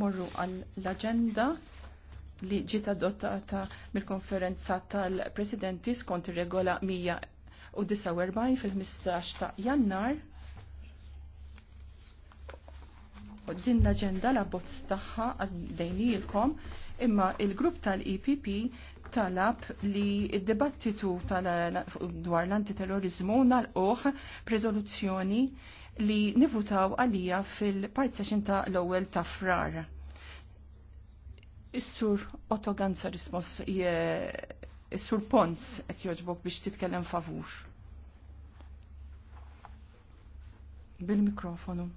morru għall-agenda li ġiet adottata mill-konferenza tal-presidenti skont ir-regola 149 fil-15 ta' jannar. U din l aġenda la bozz tagħha għaddejnilkom Imma il-grupp tal-EPP talab li id-dibattitu tal dwar l-antiterrorizmu nal-oħ prezoluzzjoni li nivutaw għalija fil-part session ta' l-ewwel ta' frar. Is-sur Otto Ganza rispons is-sur Pons qed joġbok biex titkellem favur. Bil-mikrofonu.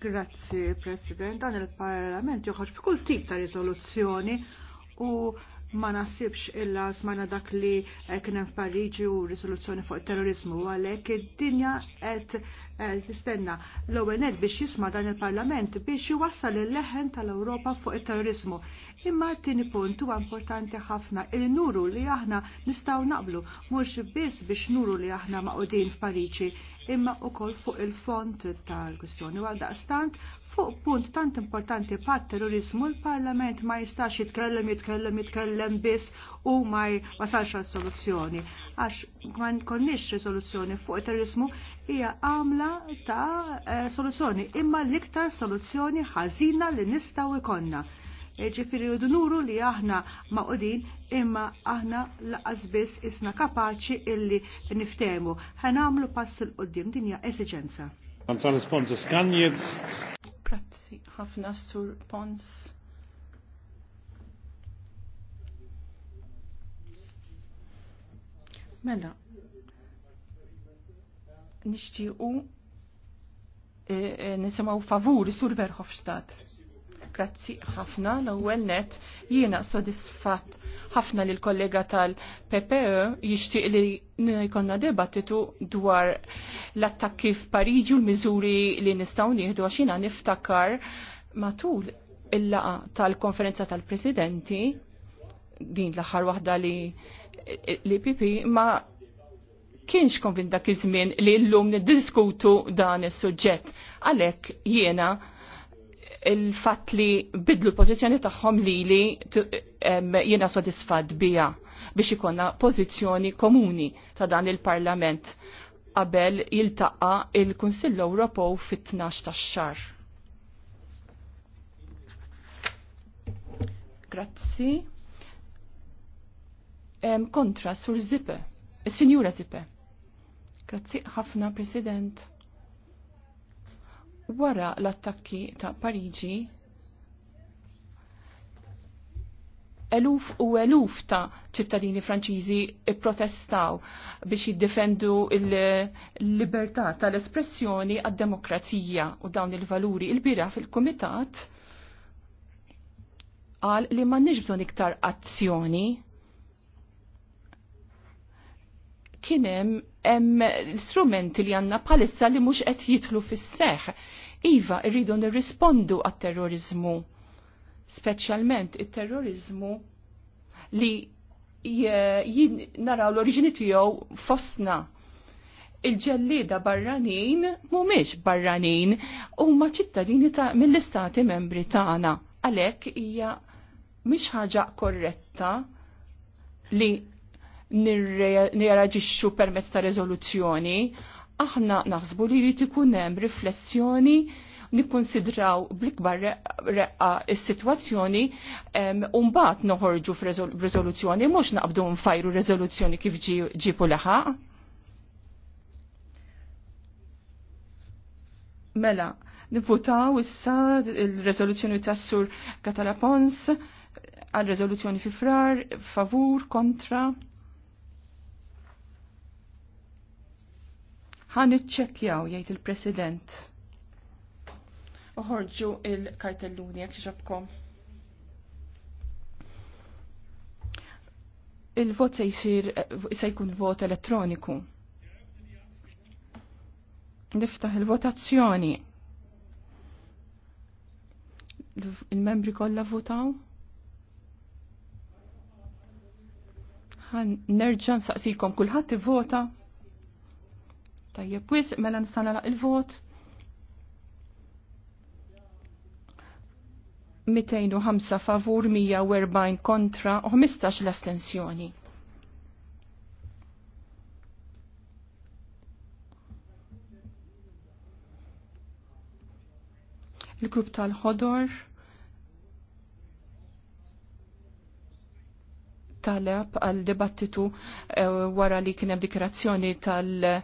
Grazzi, President. Dan il-Parlament joħroġ b'kull tip ta' riżoluzzjoni u ma naħsibx illa smajna dak li kien hemm f'Pariġi u risoluzzjoni fuq terrorizmu għalhekk id-dinja qed Eh, tistenna l-ONED biex jisma' dan il-Parlament biex jwassal il-leħen tal-Ewropa fuq it-terrorizmu. Imma t-tieni punt huwa importanti ħafna il nuru li aħna nistgħu naqblu mhux biss biex nuru li aħna maqudin f'Pariċi imma kol fuq il-font tal-kwistjoni. Għal daqstant Fuq punt tant importanti pa' terrorizmu l-Parlament ma jistax jitkellem, jitkellem, jitkellem biss u ma wasalx għal soluzzjoni. Għax ma nkonniex risoluzzjoni fuq terrorizmu hija għamla ta' eh, soluzzjoni imma l-iktar soluzzjoni ħażina li nistaw ikonna. E, ġifiri u nuru li aħna maqodin imma aħna laqas biss isna kapaċi illi niftemu. għamlu pass il-qoddim dinja esiġenza. sa' l kan skanjiet prezzi ħafna sur Pons. Mela, nixtiequ e, e, nisimgħu favur sur Verhofstadt. Grazzi ħafna l-ewwel net jiena sodisfatt ħafna l kollega tal-PPE jixtieq li jkollna debattitu dwar l-attakki f'Pariġi u l-miżuri li nistgħu nieħdu għax jiena niftakar matul il-laqa tal-konferenza tal-presidenti din l-aħħar waħda li li pipi ma kienx konvin dak iż-żmien li llum niddiskutu dan is-suġġett. Għalhekk jiena il-fatt li bidlu l-pożizzjoni tagħhom li li jiena sodisfatt bija biex ikonna pożizzjoni komuni ta' dan il-Parlament qabel jiltaqa il-Kunsill Ewropew fit-12 tax-xar. Grazzi. Kontra sur Zippe, il-Sinjura Zippe. Grazzi ħafna, President wara l-attakki ta' Pariġi eluf u eluf ta' ċittadini franċiżi protestaw biex jiddefendu il-libertà tal-espressjoni għad-demokrazija u dawn il-valuri il-bira fil-komitat għal li ma bżon iktar azzjoni kienem l-istrumenti li għanna palissa li mux qed jitlu fis-seħ. Iva, irridu nirrispondu għat-terrorizmu, speċjalment il-terrorizmu li naraw l-oriġini tiegħu fosna il-ġellida barranin mhumiex barranin u ċittadini ta' mill-istati membri tagħna. Għalhekk hija mhix ħaġa korretta li nirreagġixxu permezz ta' rezoluzzjoni, aħna naħsbu li jrid ikun hemm riflessjoni nikkonsidraw bl-ikbar reqqa s-situazzjoni umbat noħorġu f-rezoluzzjoni, mux naqbdu nfajru rezoluzzjoni kif ġipu laħaq. Mela, nivvotaw issa il-rezoluzzjoni ta' sur Katalapons għal-rezoluzzjoni fi frar, favur, kontra. Ħan iċċekjaw jgħid il-President. Uħorġu il-kartelluni jekk xabkom. Il-vot se jisir se jkun vot elettroniku. Niftaħ il-votazzjoni. Il-membri kollha votaw? Nerġa' nsaqsikom kulħadd ivvota? Tajjeb, wis, mela nistana il-vot. 205 favur 140 kontra u 15 l-astensjoni. Il-grupp tal-ħodor taleb għal dibattitu eh, wara li kienem dikrazzjoni tal-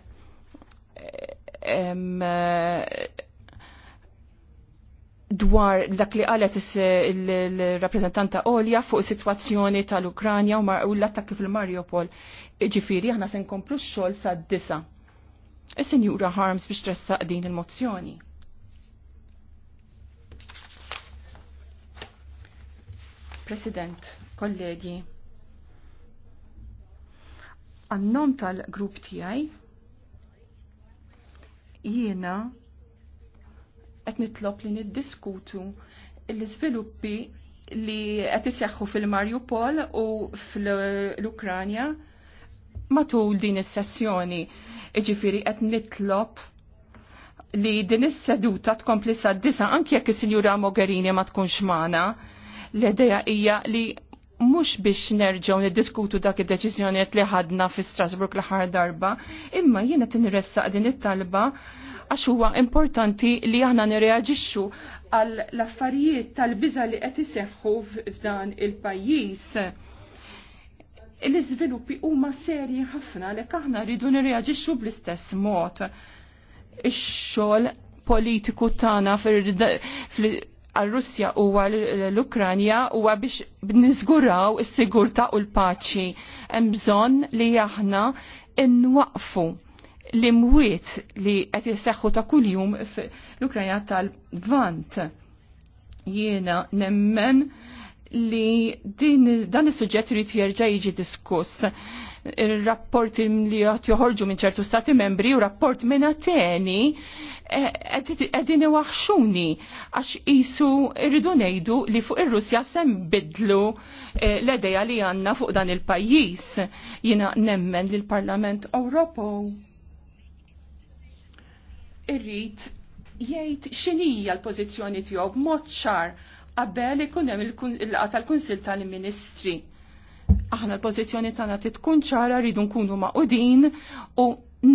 dwar dak li qalet il-rappreżentanta Olja fuq is-sitwazzjoni tal-Ukranja u l-attakki fil-Mariupol. Ġifiri, aħna se nkomplu x-xogħol sa' disa. is jura Harms biex tressaq din il-mozzjoni. President, kollegi, għannom tal-grupp tijaj, jiena qed nitlob li niddiskutu l-iżviluppi li qed iseħħu fil-Mariupol u fl-Ukranja matul din is-sessjoni. Ġifieri qed nitlob li din is-seduta tkompli sa' disa anke jekk is-Sinjura Mogherini ma tkunx magħna. L-idea hija li mux biex nerġaw niddiskutu dak id-deċizjoniet li ħadna fi Strasburg l-ħar darba, imma jiena tinressaq din it-talba għax huwa importanti li aħna nirreaġixxu għal l-affarijiet tal-biża li qed iseħħu f'dan il-pajjiż. L-iżviluppi huma serji ħafna li aħna rridu nirreaġixxu bl-istess mod. Ix-xogħol politiku tagħna fil għal-Russja u għal-Ukranja u biex nizguraw is-sigurta u l-paċi. Hemm bżonn li aħna nwaqfu l-imwiet li qed jisseħħu ta' kuljum l-Ukranja tal-Vant. Jiena nemmen li din, dan is-suġġett irid jerġa' jiġi diskuss. Ir-rapporti li qed joħorġu minn ċertu stati membri u rapport minn Ateni eh, qegħdin iwaħxuni għax qisu rridu ngħidu li fuq ir-Russja sem bidlu eh, l-edeja li għandna fuq dan il-pajjiż. Jiena nemmen li l-Parlament Ewropew irrid jgħid x'inhija l-pożizzjoni tiegħu b'mod ċar qabel ikun hemm il-laqa tal-Kunsill tal-Ministri. Aħna l-pożizzjoni tagħna titkun ċara rridu nkunu maqudin u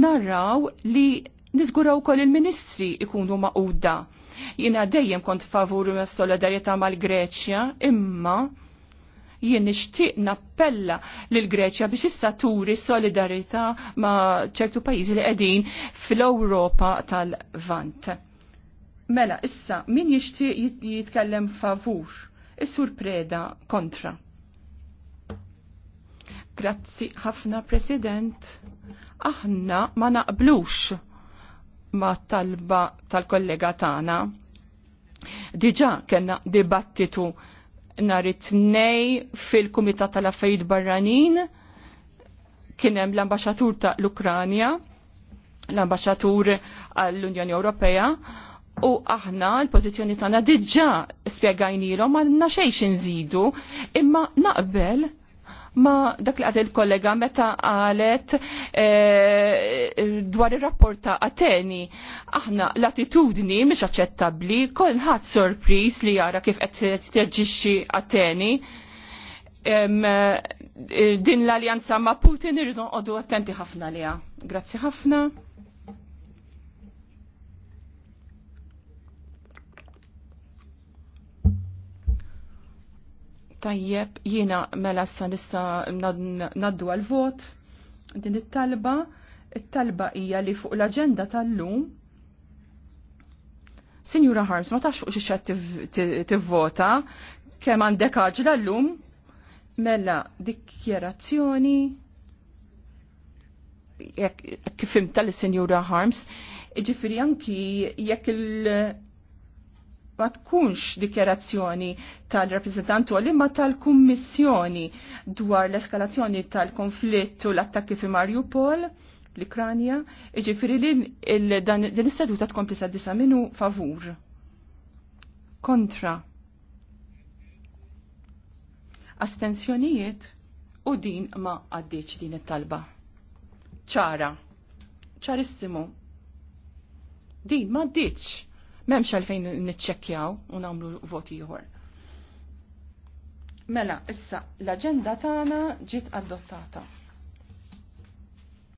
narraw li niżguraw kol il-Ministri ikunu maqudda. Jiena dejjem kont favur solidarjetà mal-Greċja, imma jien nixtieq nappella lil Greċja biex issa turi solidarità ma' ċertu pajjiżi li qegħdin fl-Ewropa tal-Vant. Mela, issa, min jixtieq jitkellem favur? Is-sur preda kontra. Grazzi ħafna, President. Aħna ma naqblux ma talba tal-kollega tagħna. Diġà kellna dibattitu nhar it fil-Kumitat tal affajid Barranin kien hemm l-ambaxxatur ta' l-Ukranja, l-ambaxxatur għall-Unjoni Ewropea, u aħna l-pozizjoni tagħna diġà spjegajnilhom għandna xejx nżidu, imma naqbel ma dak li għadil il-kollega meta għalet e, eh, dwar il-rapporta għateni. Aħna l-attitudni mhix aċċettabbli, kolħat sorpris li jara kif qed teġġixxi E, eh, Din l-aljanza ma' Putin irridu għoddu attenti ħafna liha. Grazzi ħafna. Tajjeb, jiena mela sa nista naddu għal-vot din it-talba. It-talba hija li fuq l-aġenda tal-lum Sinjura Harms, ma tafx fuq xi xed tivvota kemm għandek aġla llum mela dikjerazzjoni jekk kif imta Sinjura Harms, ġifiri anki jekk il- ma tkunx dikjerazzjoni tal-rappresentant u tal-kummissjoni dwar l-eskalazzjoni tal-konflitt u l-attakki fi Mariupol l-Ikranja, iġifiri li din istaduta tkompli sa' disa minu favur. Kontra. astenzjonijiet u din ma għaddiċ din it-talba. ċara. ċarissimu. Din ma għaddiċ Memx għalfejn nitċekjaw u nagħmlu voti ieħor. Mela, issa l-aġenda tagħna ġiet adottata.